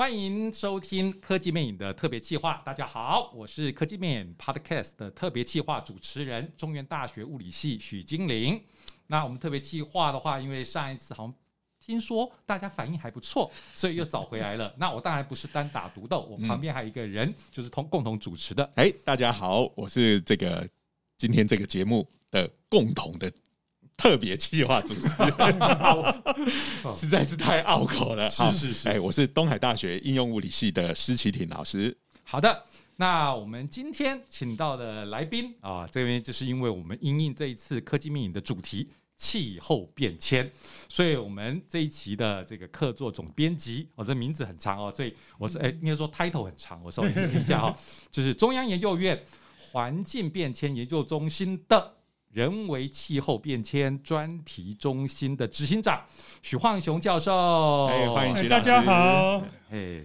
歡迎收聽《科技魅癮》的特別企劃。大家好，我是《科技魅癮》Podcast 的特別企劃主持人，中原大學物理系許經夌。那我們特別企劃的話，因為上一次好像聽說大家反應還不錯，所以又找回來了。 那我當然不是單打獨鬥，我旁邊還有一個人，就是同共同主持的。誒、哎，大家好，我是這個今天這個節目的共同的。特別企劃主持人 實在是太拗口了， 是是是。哎、欸，我是東海大學應用物理系的施奇廷老師。好的，那我們今天請到的來賓啊，這邊就是因為我們因應這一次科技魅癮的主題氣候變遷，所以我們這一期的這個客座總編輯，我、哦、這名字很長哦，所以我是哎，應、欸、該說 title 很長，我稍微聽一下哈、哦， 就是中央研究院環境變遷研究中心的。人為氣候變遷專題中心的執行長，許晃雄教授，哎、hey,，歡迎許老師 hey, 大家好。哎、hey,，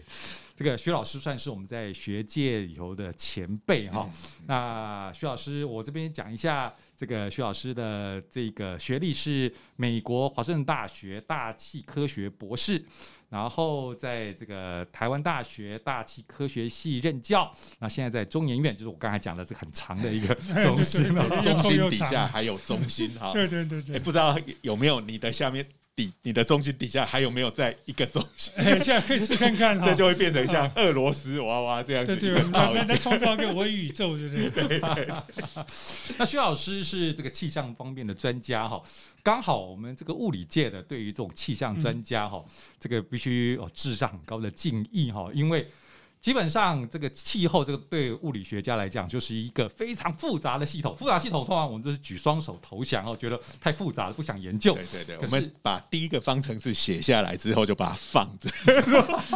這個許老師算是我們在學界裡頭的前輩哈、嗯。那許老師，我這邊講一下這個許老師的這個學歷是美國華盛頓大學大氣科學博士。然後在這個台灣大學大氣科學系任教，那現在在中研院，就是我剛才講的是很長的一個中心，哎、中心底下還有中心，哈，對對對對，不知道有沒有你的下面。底你的中心底下還有沒有在一個中心、欸？現在可以試看看， 這就會變成像俄羅斯娃娃這樣子。 對，再創造一個宇宙，就是對對。 對對對對 那許老師是這個氣象方面的專家哈，剛好我們這個物理界的對於這種氣象專家哈，嗯、這個必須哦致上很高的敬意哈，因為。基本上，這個氣候，這個對物理學家來講，就是一個非常複雜的系統。複雜系統，通常我們就是舉雙手投降，哦，覺得太複雜了，不想研究。對對對，我們把第一個方程式寫下來之後，就把它放着，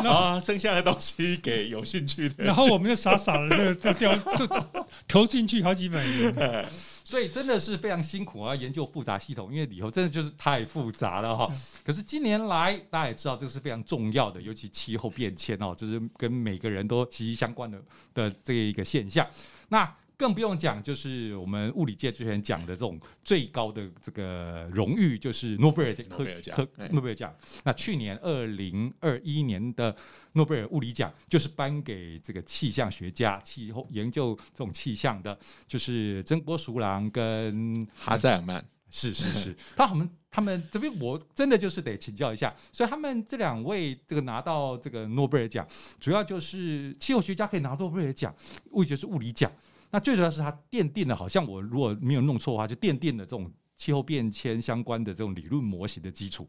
然後 好、啊、 剩下的東西給有興趣的 然、然後我們就傻傻的、這個，就、這、就、個、掉 就投進去好幾百年。 所以真的是非常辛苦，要研究複雜系統，因為氣候真的就是太複雜了哈。嗯、可是近年來，大家也知道，這個是非常重要的，尤其氣候變遷哦，這、就是跟每個人都息息相關的的這一個現象。那。更不用講，就是我們物理界之前講的這種最高的這個榮譽，就是諾貝爾獎。科諾貝爾獎。那去年二零二一年的諾貝爾物理獎，就是頒給這個氣象學家、氣候研究這種氣象的，就是真鍋淑郎跟哈塞爾曼。是、嗯、是是，是是是 他我們他們這邊，我真的就是得請教一下。所以他們這兩位這個拿到這個諾貝爾獎，主要就是氣候學家可以拿諾貝爾獎，物理就是物理獎。那最主要是它奠定了，好像我如果沒有弄錯的話，就奠定了這種氣候變遷相關的這種理論模型的基礎。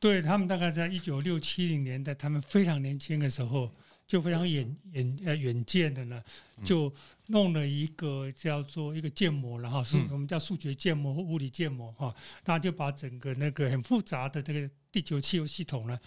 對他們，大概在一九六七零年代，他們非常年輕的時候，就非常遠遠呃遠見的呢，就弄了一個叫做一個建模，嗯、然後是我們叫數學建模或物理建模哈，大、嗯、就把整個那個很複雜的這個地球氣候系統呢，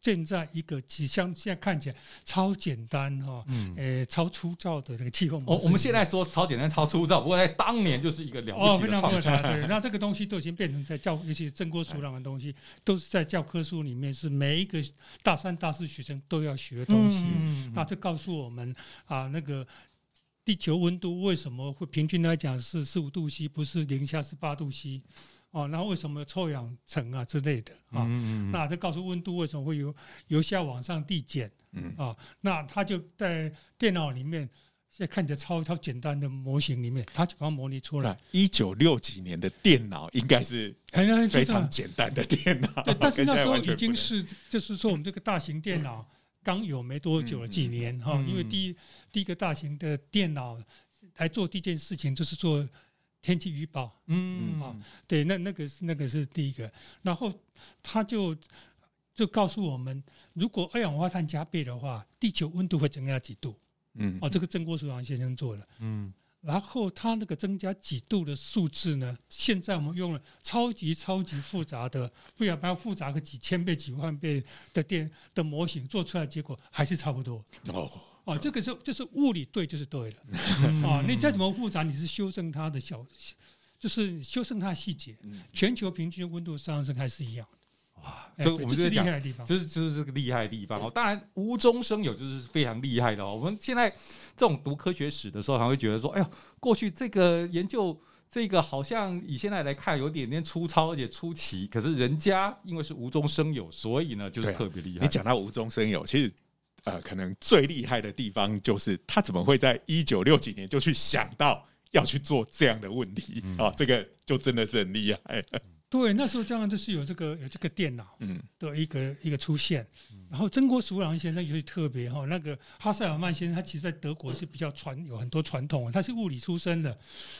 建在一個，只像現在看起來超簡單哈、哦，嗯、欸，誒，超粗糙的那個氣候模式，我們現在說超簡單、超粗糙，不過在當年就是一個了解。哦，非常非常對， 對。那這個東西都已經變成在教，尤其是教科書上的東西，都是在教科書裡面，是每一個大三、大四學生都要學的東西。嗯嗯嗯嗯，那這告訴我們啊，那個地球溫度為什麼會平均來講是十五度 C，不是零下十八度 C。哦，那為什麼臭氧層啊之類的啊？哦、嗯嗯嗯那再告訴溫度為什麼會由由下往上遞減？啊、嗯嗯哦，那他就在電腦裡面，現在看起來超超簡單的模型裡面，他就把它模擬出來。一九六幾年的電腦應該是非常簡單的電腦，哎，對，但是那時候已經是就是說我們這個大型電腦剛有沒多久了幾年哈，嗯嗯嗯嗯嗯因為第一嗯嗯第一個大型的電腦來做第一件事情就是做。天氣預報，嗯，啊，對，那、那個、那個是那個是第一個，然後他就就告訴我們，如果二氧化碳加倍的話，地球溫度會增加幾度，嗯，哦，這個真鍋淑郎先生做的，嗯，然後他那個增加幾度的數字呢，現在我們用了超級超級複雜的，不要不要複雜個幾千倍、幾萬倍的電的模型做出來，結果還是差不多。哦哦，這個是就是物理對，就是對了。你、嗯哦、再怎麼複雜，你是修正它的小，就是修正它的細節。全球平均溫度上升還是一樣。哇，就我們就是就是這個厲害的地方。哦、就是就是，當然無中生有就是非常厲害的哦。我們現在這種讀科學史的時候，還會覺得說，哎呦，過去這個研究這個好像以現在來看有點點粗糙，而且出奇。可是人家因為是無中生有，所以呢就是特別厲害。啊、你講到無中生有，其實。呃，可能最厲害的地方就是他怎麼會在一九六幾年就去想到要去做這樣的問題啊？嗯、哦，這個就真的是很厲害。嗯對，那時候將來都是有這個有這個電腦嗯，的一個,、嗯、一,個一個出現，嗯、然後曾國索先生尤其特別哈、喔，那個哈塞爾曼先生，他其實在德國是比較傳有很多傳統，他是物理出身的。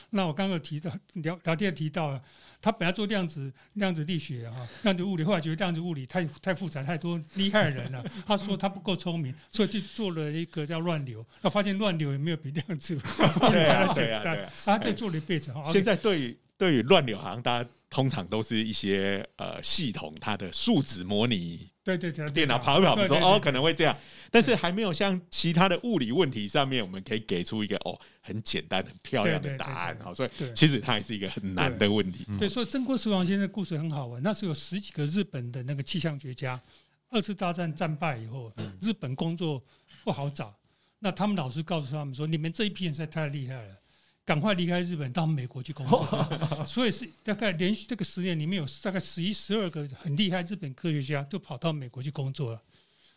那我剛剛有提到聊聊天也提到，他本來做量子量子力學哈、喔，量子物理，後來覺得量子物理太太複雜太多厲害的人了， 他說他不夠聰明，所以就做了一個叫亂流，他發現亂流也沒有比量子 對、啊，對啊，對啊。對啊對啊對啊簡單， 啊、他就做了一輩子。哎、OK, 現在對對於亂流，好像大家通常都是一些呃系統，它的數值模擬，對對,對對對，電腦跑一跑，我們說對對對對對對哦可能會這樣，但是還沒有像其他的物理問題上面，我們可以給出一個哦很簡單很漂亮的答案。哈、喔，所以其實它還是一個很難的問題。對,對,對，所以真鍋淑郎先生的故事很好玩，那是有十幾個日本的那個氣象學家，二次大戰戰敗以後、嗯，日本工作不好找，那他們老師告訴他們說：“你們這一批人實在太厲害了。”趕快離開日本到美國去工作。 所以是大概連續這個十年裡面有大概十一、十二個很厲害的日本科學家就跑到美國去工作了，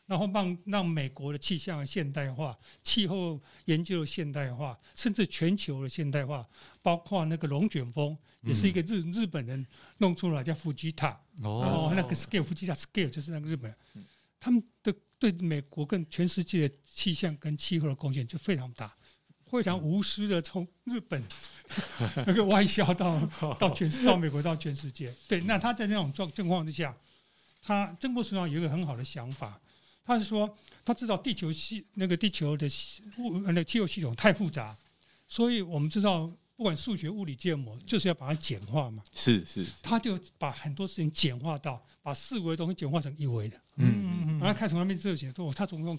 然後讓讓美國的氣象的現代化、氣候研究現代化，甚至全球的現代化，包括那個龍捲風，也是一個日日本人弄出來叫富吉塔，哦，然後那個 scale 富吉塔 scale 就是那個日本，他們的對美國跟全世界的氣象跟氣候的貢獻就非常大。非常無私的從日本那、嗯、 個外銷到到全世到美國到全世界，對。那他在那種狀況之下，他真鍋有一個很好的想法，他是說他知道地球系那個地球的物那個氣候系統太複雜，所以我們知道不管數學物理建模就是要把它簡化嘛。是是，是。他就把很多事情簡化到把四維的東西簡化成一維的。嗯嗯嗯。然後他看從那邊之後寫說他總共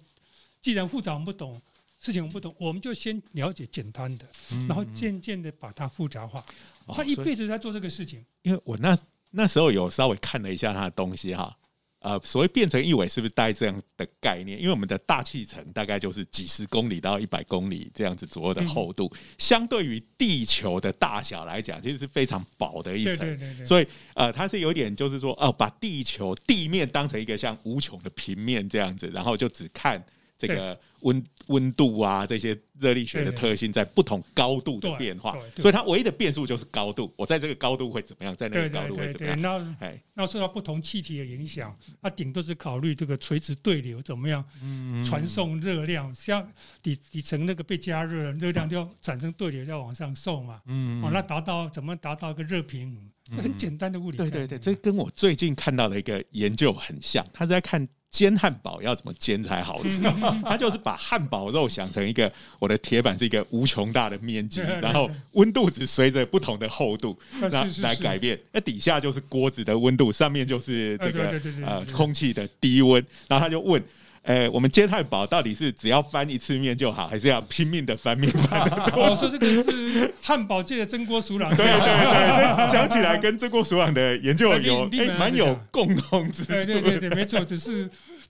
既然複雜，我們不懂，事情我們不懂，我們就先了解簡單的，嗯嗯，然後漸漸的把它複雜化。哦、他一輩子在做這個事情，因為我那那時候有稍微看了一下他的東西哈。呃，所謂變成一尾是不是帶這樣的概念？因為我們的大氣層大概就是幾十公里到一百公里這樣子左右的厚度，嗯、相對於地球的大小來講，其實是非常薄的一層。所以呃，他是有點就是說，哦，把地球地面當成一個像無窮的平面這樣子，然後就只看這個溫。溫度啊，這些熱力學的特性在不同高度的變化，所以它唯一的變數就是高度。我在這個高度會怎麼樣，在那個高度會怎麼樣？對對對對對那哎，那受到不同氣體的影響，它頂多是考慮這個垂直對流怎麼樣，嗯，傳送熱量，像底底層那個被加熱，熱量就要產生對流，要往上送嘛，嗯，往、哦、那達到怎麼達到一個熱平衡？嗯、很簡單的物理。對,對對對，這跟我最近看到的一個研究很像，他是在看。煎漢堡要怎麼煎才好吃？ 他就是把漢堡肉想成一個，我的鐵板是一個無窮大的面積，然後溫度只隨着不同的厚度那來改變。那底下就是鍋子的溫度，上面就是這個呃空氣的低溫。然後他就問。誒、欸，我們煎漢堡到底是只要翻一次面就好，還是要拼命的翻面翻？我、啊、說、 哦、這個是漢堡界的真鍋淑郎。 對，對，對對對，講起來跟真鍋淑郎的研究有誒蠻、欸、有共同之處。之處對，對，對對對，沒錯，只是。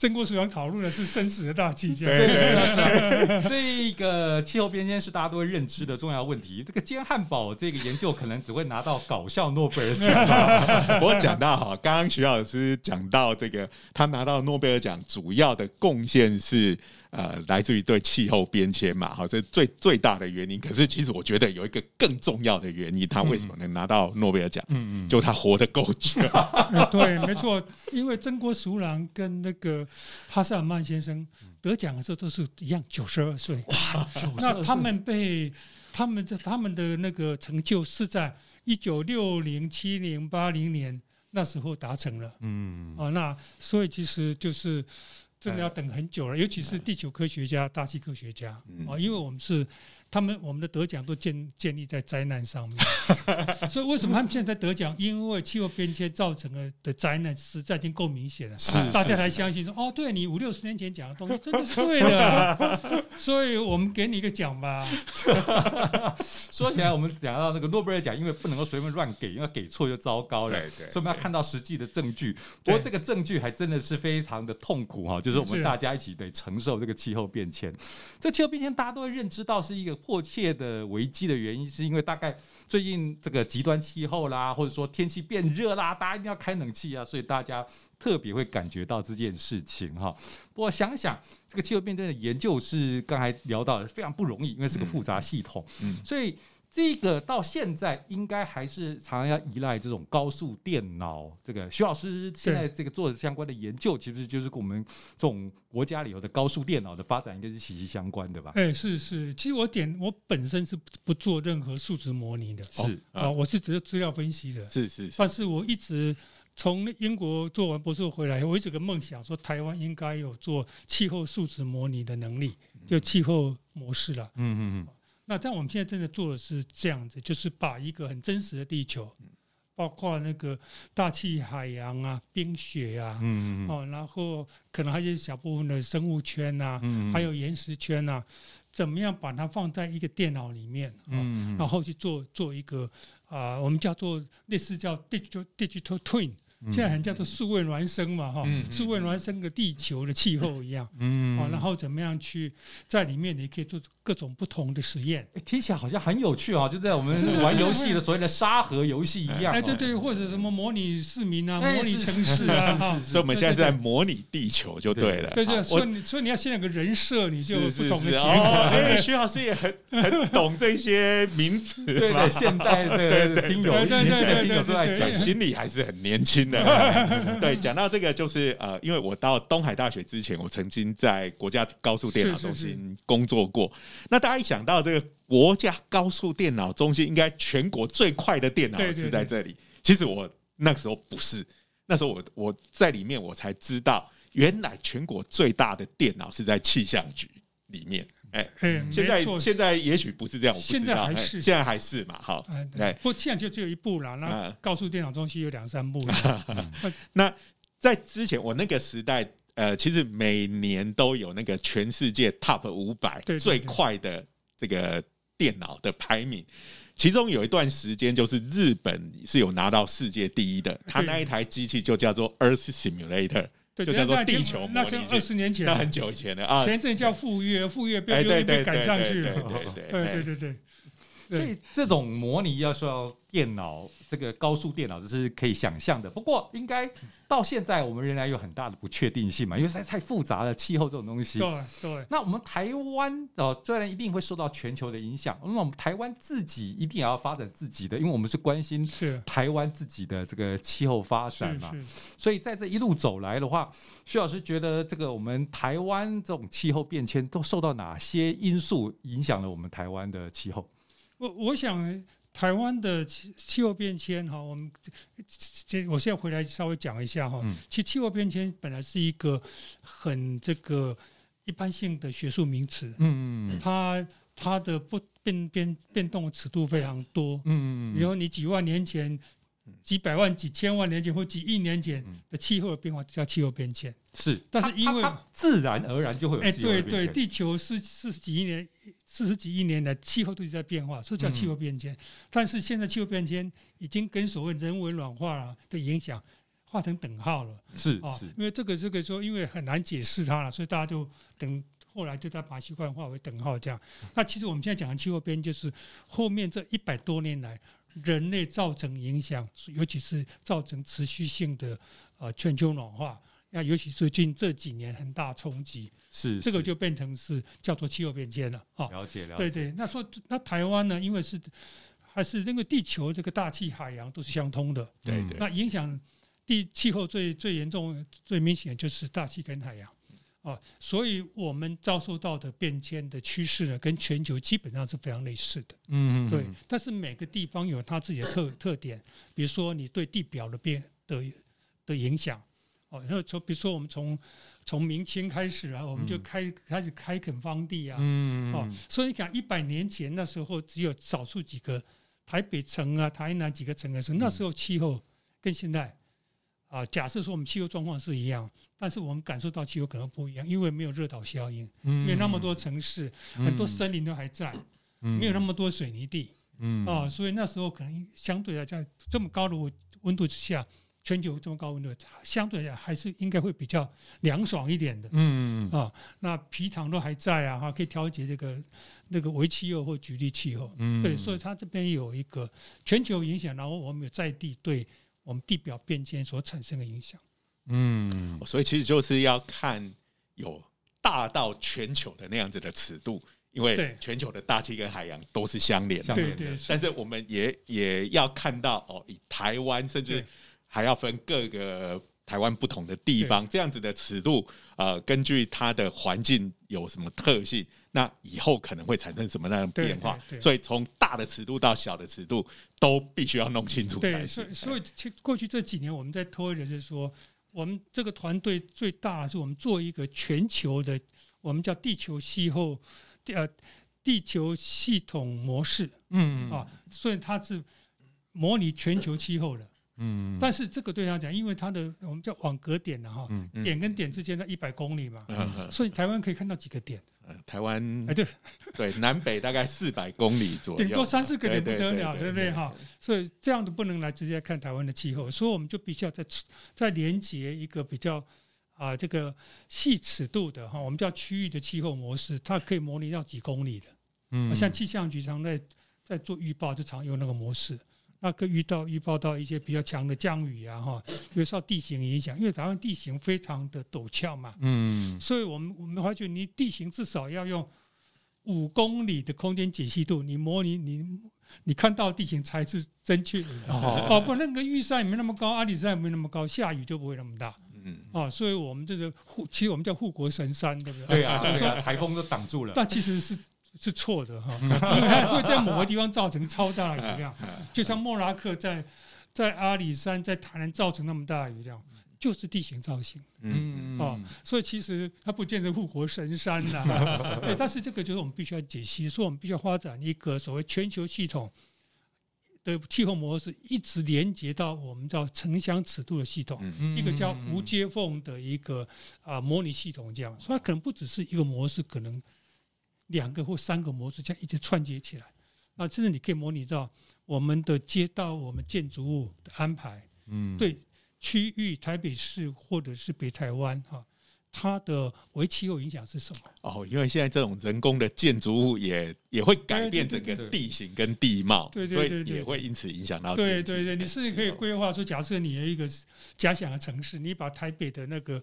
經過雙想討論的是生死的大氣象、 啊啊，這個氣候變遷是大家都會認知的重要問題。這個煎漢堡這個研究可能只會拿到搞笑諾貝爾獎。 不過講到哈，剛剛徐老師講到這個，他拿到諾貝爾獎主要的貢獻是。呃，來自於對氣候變遷嘛，好，這是最最大的原因。可是，其實我覺得有一個更重要的原因，他為什麼能拿到諾貝爾獎？嗯嗯，就他活得夠久。嗯嗯、 對，沒錯，因為真鍋淑郎跟那個哈塞爾曼先生得獎的時候都是一樣，九十二歲。哇、啊，那他們被他們他們的那個成就是在一九六零、七零、八零年那時候達成了。嗯，啊，那所以其實就是。真的要等很久了，尤其是地球科學家、大氣科學家啊，因為我們是。他們我們的得獎都建建立在災難上面，所以為什麼他們現在得獎？因為氣候變遷造成的的災難實在已經夠明顯了，是大家才相信說哦，對你五六十年前講的東西真的是對的啊，所以我們給你一個獎吧。說起來，我們講到那個諾貝爾獎，因為不能夠隨便亂給，因為給錯就糟糕了，對，所以我們要看到實際的證據。不過這個證據還真的是非常的痛苦哈，就是我們大家一起得承受這個氣候變遷。這氣候變遷大家都會認知到是一個。迫切的危機的原因，是因為大概最近這個極端氣候啦，或者說天氣變熱啦，大家一定要開冷氣啊，所以大家特別會感覺到這件事情哈、哦。不過想想這個氣候變遷的研究是剛才聊到的非常不容易，因為是個複雜系統，嗯、所以。這個到現在應該還是常常要依賴這種高速電腦。這個徐老師現在這個做的相關的研究，其實就是跟我們這種國家裡有的高速電腦的發展應該是息息相關的吧？哎，是是，其實我點我本身是不做任何數值模擬的，是、哦、啊，我是只有資料分析的，是是，是。是但是我一直從英國做完博士後回來，我一直有個夢想說台灣應該有做氣候數值模擬的能力，就氣候模式了。嗯嗯嗯。那在我們現在正在做的是這樣子，就是把一個很真實的地球，包括那個大氣、海洋啊、冰雪啊，嗯嗯嗯哦，然後可能還有一小部分的生物圈啊，嗯嗯嗯還有岩石圈啊，怎麼樣把它放在一個電腦裡面，哦、嗯嗯嗯然後去做做一個啊、呃，我們叫做類似叫 Digital Digital Twin。現在很叫做數位孿生嘛，哈，數位孿生個地球的氣候一樣，嗯，哦，然後怎麼樣去在裡面，你可以做各種不同的實驗。聽起來好像很有趣哈、哦，就在我們玩遊戲的所謂的沙盒遊戲一樣。哎，對對，或者什麼模擬市民啊，模擬城市啊，是是，是，是，是，是，是是。所以我們現在是在模擬地球就對了。對對，對，所以所以你要先有個人設，你就有不同的角度。徐、哦欸、老師也很很懂這些名詞，對對，對，對，對，現代的聽懂一點，聽懂都在講，心裡還是很年輕。 對，講到這個就是呃，因為我到東海大學之前，我曾經在國家高速電腦中心工作過。是是是。那大家一想到這個國家高速電腦中心，應該全國最快的電腦是在這裡。對對對。其實我那時候不是，那時候我我在裡面，我才知道原來全國最大的電腦是在氣象局裡面。哎、欸，現在現在也許不是這樣，不現在還是、欸、現在還是嘛，好。哎、欸，不過現在就只有一步了，那那告訴電腦中心有兩三步了、 嗯、那在之前我那個時代，呃，其實每年都有那個全世界 Top 五百最快的這個電腦的排名，對對對，其中有一段時間就是日本是有拿到世界第一的，他那一台機器就叫做 Earth Simulator。對，就叫做地球，地球，那是二十年前，那很久以前的啊。前陣叫富岳，富岳被又被趕上去了，對對對對。所以這種模擬要說電腦，這個高速電腦，這是可以想象的，不過應該到現在我們仍然有很大的不確定性嘛，因為太太複雜了，氣候這種東西。對對，那我們台灣哦，雖然一定會受到全球的影響，那麼我們台灣自己一定也要發展自己的，因為我們是關心台灣自己的這個氣候發展嘛。所以在這一路走來的話，許老師覺得這個我們台灣這種氣候變遷都受到哪些因素影響了我們台灣的氣候？我我想台灣的氣氣候變遷哈，我們這我現在回來稍微講一下哈。其實氣候變遷本來是一個很這個一般性的學術名詞，嗯嗯,嗯嗯，它它的不變變變動的尺度非常多，嗯,嗯嗯嗯，比如你幾萬年前。幾百萬、幾千萬年前或幾億年前的氣候的變化就叫氣候變遷，是。但是因為自然而然就會有變遷、欸。對對,對，地球四四十幾億年、四十幾億年的氣候都在變化，所以叫氣候變遷。嗯、但是現在氣候變遷已經跟所謂人為暖化了的影響畫成等號了。是,是啊，因為這個這個時候，因為很難解釋它了，所以大家就等後來就它把習慣化為等號這樣。那其實我們現在講的氣候變就是後面這一百多年來。人類造成影響，尤其是造成持續性的呃全球暖化。那尤其最近這幾年很大衝擊，是，是這個就變成是叫做氣候變遷了啊。了解，了解，對，對對。那說那台灣呢？因為是還是因為地球這個大氣海洋都是相通的，對對，對。嗯。那影響地氣候最最嚴重、最明顯就是大氣跟海洋。哦，所以我們遭受到的變遷的趨勢呢，跟全球基本上是非常類似的。嗯，嗯，嗯對。但是每個地方有它自己的特特點， 比如說你對地表的變的的影響。哦，然後從比如說我們從從明清開始啊，我們就開始、嗯、開始開墾荒地啊。嗯嗯，嗯。哦，所以你講一百年前那時候，只有少數幾個台北城啊、台南幾個城的時候，那時候氣候跟現在。啊，假設說我們氣候狀況是一樣，但是我們感受到氣候可能不一樣，因為沒有熱島效應、嗯，沒有那麼多城市，很多森林都還在，嗯、沒有那麼多水泥地，嗯啊，所以那時候可能相對來講，這麼高的溫度之下，全球這麼高的溫度，相對來講還是應該會比較涼爽一點的，嗯啊，那埤塘都還在啊，哈、啊，可以調節這個那個微氣候、或局地氣候，嗯，對，所以它這邊有一個全球影響，然後我們有在地對。我們地表變遷所產生的影響，嗯，所以其實就是要看有大到全球的那樣子的尺度，因為全球的大氣跟海洋都是相連的。對對、對。但是我們也也要看到哦，以台灣甚至還要分各個台灣不同的地方這樣子的尺度，呃，根據它的環境有什麼特性。那以後可能會產生什麼樣的變化？所以從大的尺度到小的尺度都必須要弄清楚才行。對，對，對，所以，所以過去這幾年我們在推的是說，我們這個團隊最大是我們做一個全球的，我們叫地球氣候呃地球系統模式，嗯嗯、啊，所以它是模擬全球氣候的。嗯嗯，但是這個對他講，因為它的我們叫網格點的、啊、哈、嗯，點跟點之間在一百公里嘛，嗯嗯、所以台灣可以看到幾個點。呃、台灣哎、欸，對對， 南北大概四百公里左右，頂多三四個點不得了，對不對哈？所以這樣子不能來直接看台灣的氣候，所以我們就必須要在再連接一個比較啊、呃、這個細尺度的哈，我們叫區域的氣候模式，它可以模擬到幾公里的。嗯，像氣象局常在在做預報，就常用那個模式。那、啊、個遇到預報到一些比較強的降雨啊，哈、哦，因為受地形影響，因為台灣地形非常的陡峭嘛，嗯，所以我們我們的話就你地形至少要用五公里的空間解析度，你模擬你你,你看到地形才是正確的哦。哦，不，那個玉山也沒那麼高，阿里山也沒那麼高，下雨就不會那麼大，嗯，啊、哦，所以我們這個護，其實我們叫護國神山，對不對,對,、啊啊對啊？對啊，台風都擋住了。但其實是。是錯的哈，因為它會在某個地方造成超大的雨量，就像莫拉克在在阿里山、在台南造成那麼大的雨量，就是地形造型。嗯，哦，所以其實它不見得護國神山吶、啊。對，但是這個就是我們必須要解析，所以我們必須要發展一個所謂全球系統的氣候模式，一直連接到我們叫城鄉尺度的系統，嗯、一個叫無接縫的一個啊模擬系統。這樣，所以它可能不只是一個模式，可能。兩個或三個模式這樣一直串接起來，啊，甚至你可以模擬到我們的街道、我們建築物的安排，嗯、對，區域台北市或者是北台灣，哈。它的微氣候影響是什麼？哦，因為現在這種人工的建築物也也會改變整個地形跟地貌，對對對對對對，所以也會因此影響到對對對對。對對對，你是不是可以規劃說，假設你的一個假想的城市，你把台北的那個、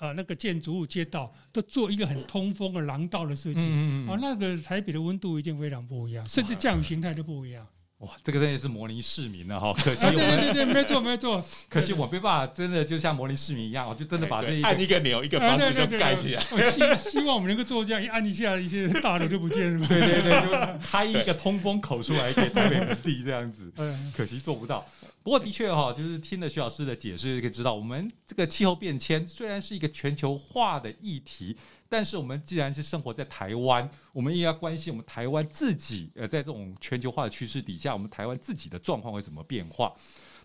呃、那個建築物街道都做一個很通風的廊道的設計、嗯嗯啊，那個台北的溫度一定非常不一樣，甚至降雨形態都不一樣。哇，這個真的是模擬市民了哈！可惜，我們可惜我沒，們、啊、對，對，對對，沒錯沒錯對對對，可惜我沒辦法，真的就像模擬市民一樣，我就真的把這一個對對按一個鈕，一個房子就蓋起來。希、啊、希望我們能夠做這樣， 一，按一,一按一下，一些大樓就不見了。對對對，就開一個通風口出來，給台北地這樣子對對對對。可惜做不到。不過的確哈，就是聽了許老師的解釋，可以知道我們這個氣候變遷雖然是一個全球化的議題，但是我們既然是生活在台灣，我們也要關心我們台灣自己，呃，在這種全球化的趨勢底下，我們台灣自己的狀況會怎麼變化？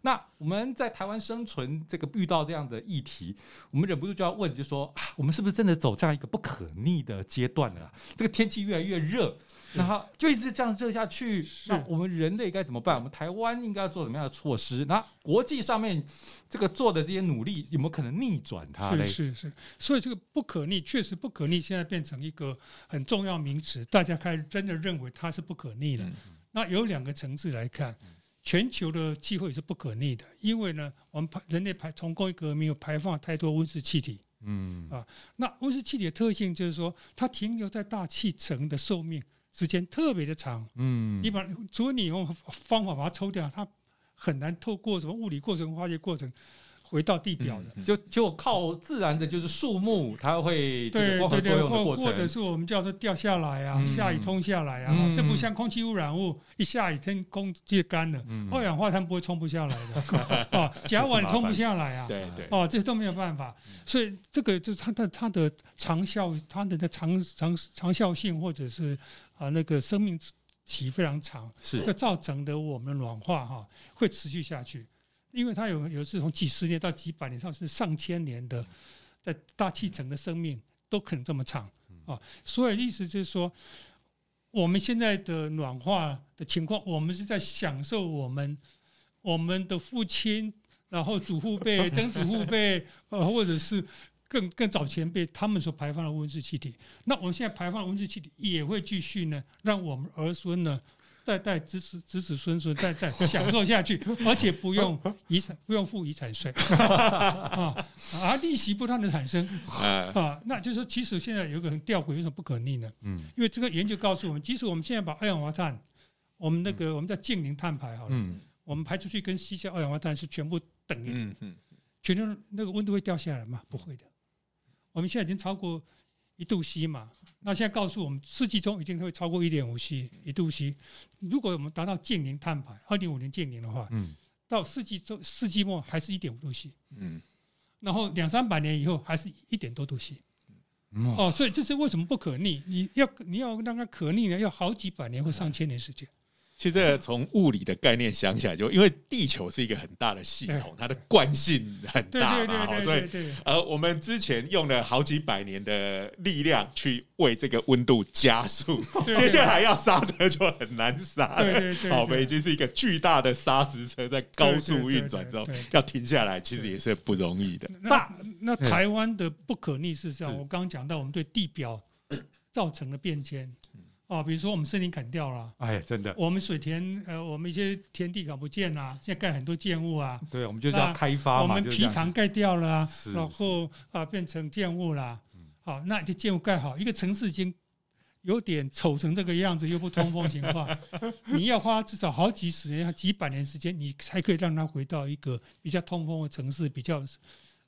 那我們在台灣生存這個遇到這樣的議題，我們忍不住就要問就是說，就說我們是不是真的走這樣一個不可逆的階段了？這個天氣越來越熱。然後就一直這樣熱下去是，那我們人類該怎麼辦？我們台灣應該要做什麼樣的措施？那國際上面這個做的這些努力有沒有可能逆轉它，是是，是，所以這個不可逆確實不可逆，現在變成一個很重要名詞，大家開始真的認為它是不可逆的。嗯、那有兩個層次來看，全球的氣候也是不可逆的，因為呢，我們排人類排從工業革命又排放太多溫室氣體，嗯啊，那溫室氣體的特性就是說它停留在大氣層的壽命，時間特別的長，嗯，你把，除非你用方法把它抽掉，它很難透過什麼物理過程、化學過程。回到地表的，嗯、就就靠自然的，就是樹木，它會對，對對對，光合作用的過程，或者是我們叫做掉下來啊，嗯、下雨沖下來啊、嗯，這不像空氣污染物，嗯、一下雨天空就乾了，二、嗯、氧化碳不會沖不下來的啊、 哦，甲烷沖不下來啊，對對，啊、哦，這些都沒有辦法，所以這個就是它的它的長效，它的的長長長效性，或者是啊、呃、那個生命期非常長，是這造成的我們軟化哈，會持續下去。因為它有有是從幾十年到幾百年，上是上千年的，在大氣層的生命，嗯，都可能這麼長啊。所以意思就是說，我們現在的暖化的情況，我們是在享受我們我們的父親，然後祖父輩、曾祖父輩，呃， 或者是更更早前輩他們所排放的溫室氣體。那我們現在排放的溫室氣體也會繼續呢，讓我們兒孫呢。代代子子子子孫孫代代享受下去， 而且不用遺產 不用付遺產稅 啊，而、啊、利息不斷的產生啊，那就是說，其實現在有一個很吊詭，有什麼不可逆呢？嗯，因為這個研究告訴我們，即使我們現在把二氧化碳，我們那個、嗯、我們叫淨零碳排好了、嗯，我們排出去跟吸收二氧化碳是全部等於嗯嗯，全球那個溫度會掉下來嗎？不會的，我們現在已經超過。一度 C 嘛，那現在告訴我們，世紀中一定會超過一點五 C。一度 C，如果我們達到淨零碳排，二零五零淨零的話，嗯、到世紀中世紀末還是一點五度 C。嗯，然後兩三百年以後還是一點多度 C。嗯、哦，哦，所以這是為什麼不可逆？你要你要讓它可逆呢，要好幾百年或上千年時間。其實從物理的概念想起來，就因為地球是一個很大的系統，它的慣性很大嘛，所以而、呃、我們之前用了好幾百年的力量去為這個溫度加速，接下來要剎車就很難剎了。好，我們已經是一個巨大的砂石車在高速運轉之後，要停下來其實也是不容易的。那、嗯、那台灣的不可逆是像，我剛剛講到，我們對地表造成了變遷。哦、啊，比如說我們森林砍掉了，哎，真的，我們水田，呃，我們一些田地搞不見了，現在蓋很多建物啊。對，我們就是要開發嘛，我們埤塘蓋掉了，然後啊變成建物了。是是啊，變成建物了嗯、好，那這建物蓋好，一個城市已經有點醜成這個樣子，又不通風情況， 你要花至少好幾十年、幾百年時間，你才可以讓它回到一個比較通風的城市，比較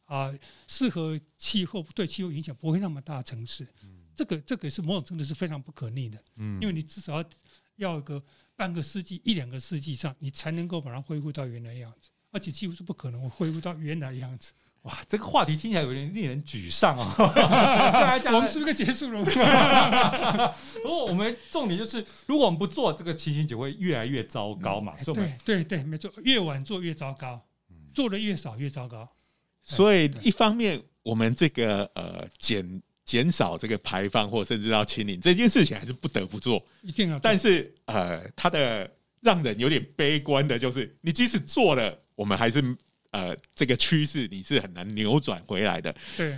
啊適合氣候，對氣候影響不會那麼大的城市。嗯這個這個是某種程度是非常不可逆的，嗯，因為你至少要要一個半個世紀、一兩個世紀上，你才能夠把它恢復到原來樣子，而且幾乎是不可能恢復到原來樣子。哇，這個話題聽起來有點令人沮喪啊、哦。大家講我們是不是該結束了？如果我們重點就是，如果我們不做，這個情形就會越來越糟糕嘛？嗯、是吧？對對，沒錯，越晚做越糟糕，嗯、做的越少越糟糕。所以一方面，我們這個呃減。減少這個排放，或甚至到清零這件事情，還是不得不做，一定要。但是，呃，它的讓人有點悲觀的就是，你即使做了，我們還是呃，這個趨勢你是很難扭轉回來的。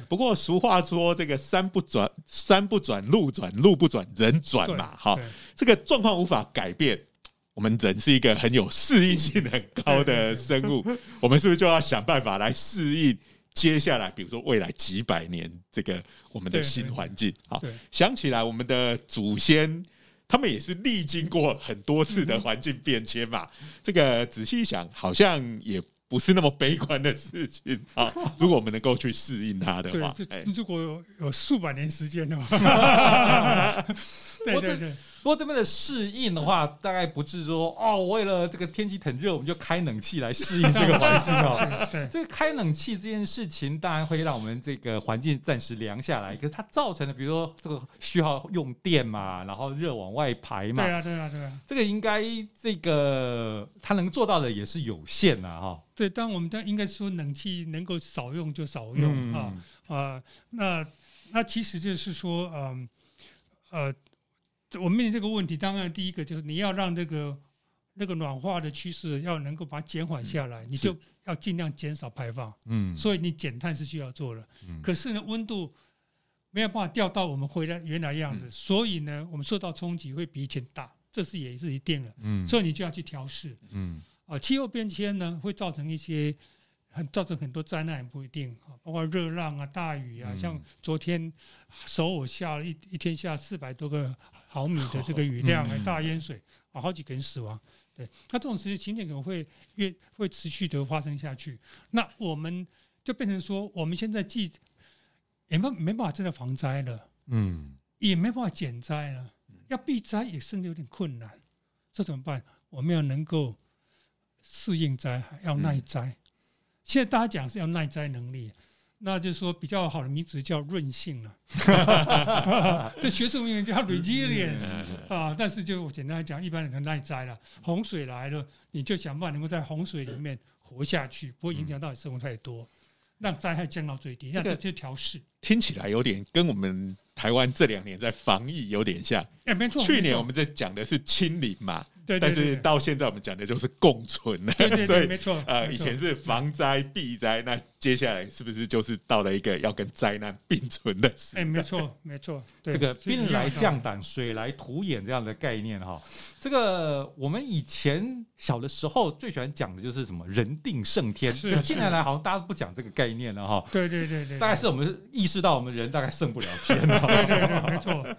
不過俗話說，這個山不轉，山不轉路轉，路不轉人轉嘛，哈。這個狀況無法改變，我們人是一個很有適應性很高的生物，我們是不是就要想辦法來適應？接下來，比如說未來幾百年，這個我們的新環境，對對好對，想起來，我們的祖先他們也是歷經過很多次的環境變遷嘛，嗯嗯。這個仔細想，好像也不是那麼悲觀的事情，嗯嗯的事情 啊。如果我們能夠去適應它的話，對欸、如果有有數百年時間的話。 對對對。說這邊的適應的話、嗯，大概不是說哦，為了這個天氣很熱，我們就開冷氣來適應這個環境啊、哦。 這個開冷氣這件事情，當然會讓我們這個環境暫時涼下來。可是它造成的，比如說這個需要用電嘛，然後熱往外排嘛。對啊，對啊，對啊。這個應該這個它能做到的也是有限的、啊、哈、哦。對，但我們當然應該說冷氣能夠少用就少用啊、嗯、啊。呃、那那其實就是說嗯呃。呃我面臨這個問題，當然第一個就是你要讓這、那個那個暖化的趨勢要能夠把它減緩下來、嗯，你就要盡量減少排放。嗯，所以你減碳是需要做的。嗯，可是呢，溫度沒有辦法掉到我們回來原來樣子，嗯，所以呢，我們受到衝擊會比以前大，這是也是一定的。嗯，所以你就要去調試、嗯。嗯，啊，氣候變遷呢，會造成一些，很造成很多災難，不一定啊，包括熱浪啊、大雨啊，嗯、像昨天首爾下了一一天下四百多個。毫米的這個雨量還、嗯、大淹水啊，好幾個人死亡。對，那這種事情情景可能會越會持續的發生下去。那我們就變成說，我們現在既也沒沒辦法真的防災了，嗯，也沒辦法減災了，要避災也甚至有點困難。這怎麼辦？我們要能夠適應災害，要耐災、嗯。現在大家講是要耐災能力。那就是說，比較好的名詞叫韌性了。 這學術名詞叫 resilience 啊，但是就我簡單來講，一般人很耐災啦。洪水來了，你就想辦法能夠在洪水裡面活下去，不會影響到你生活太多，讓災害降到最低，那這就去調適。聽起來有點跟我們台灣這兩年在防疫有點像。哎，沒錯。去年我們在講的是清零嘛。對對對對，但是到現在，我們講的就是共存對對對對 所以沒錯，呃沒錯，以前是防災避災，嗯、那接下來是不是就是到了一個要跟災難並存的時代？哎、欸，沒錯，沒錯，這個兵、啊、來將擋，水來土掩這樣的概念哈、哦， 這個我們以前小的時候最喜歡講的就是什麼人定勝天，是啊是啊，近年來，來好像大家都不講這個概念了哈、哦，對對對，對對對，大概是我們意識到我們人大概勝不了天了， 對，對，對對，沒錯。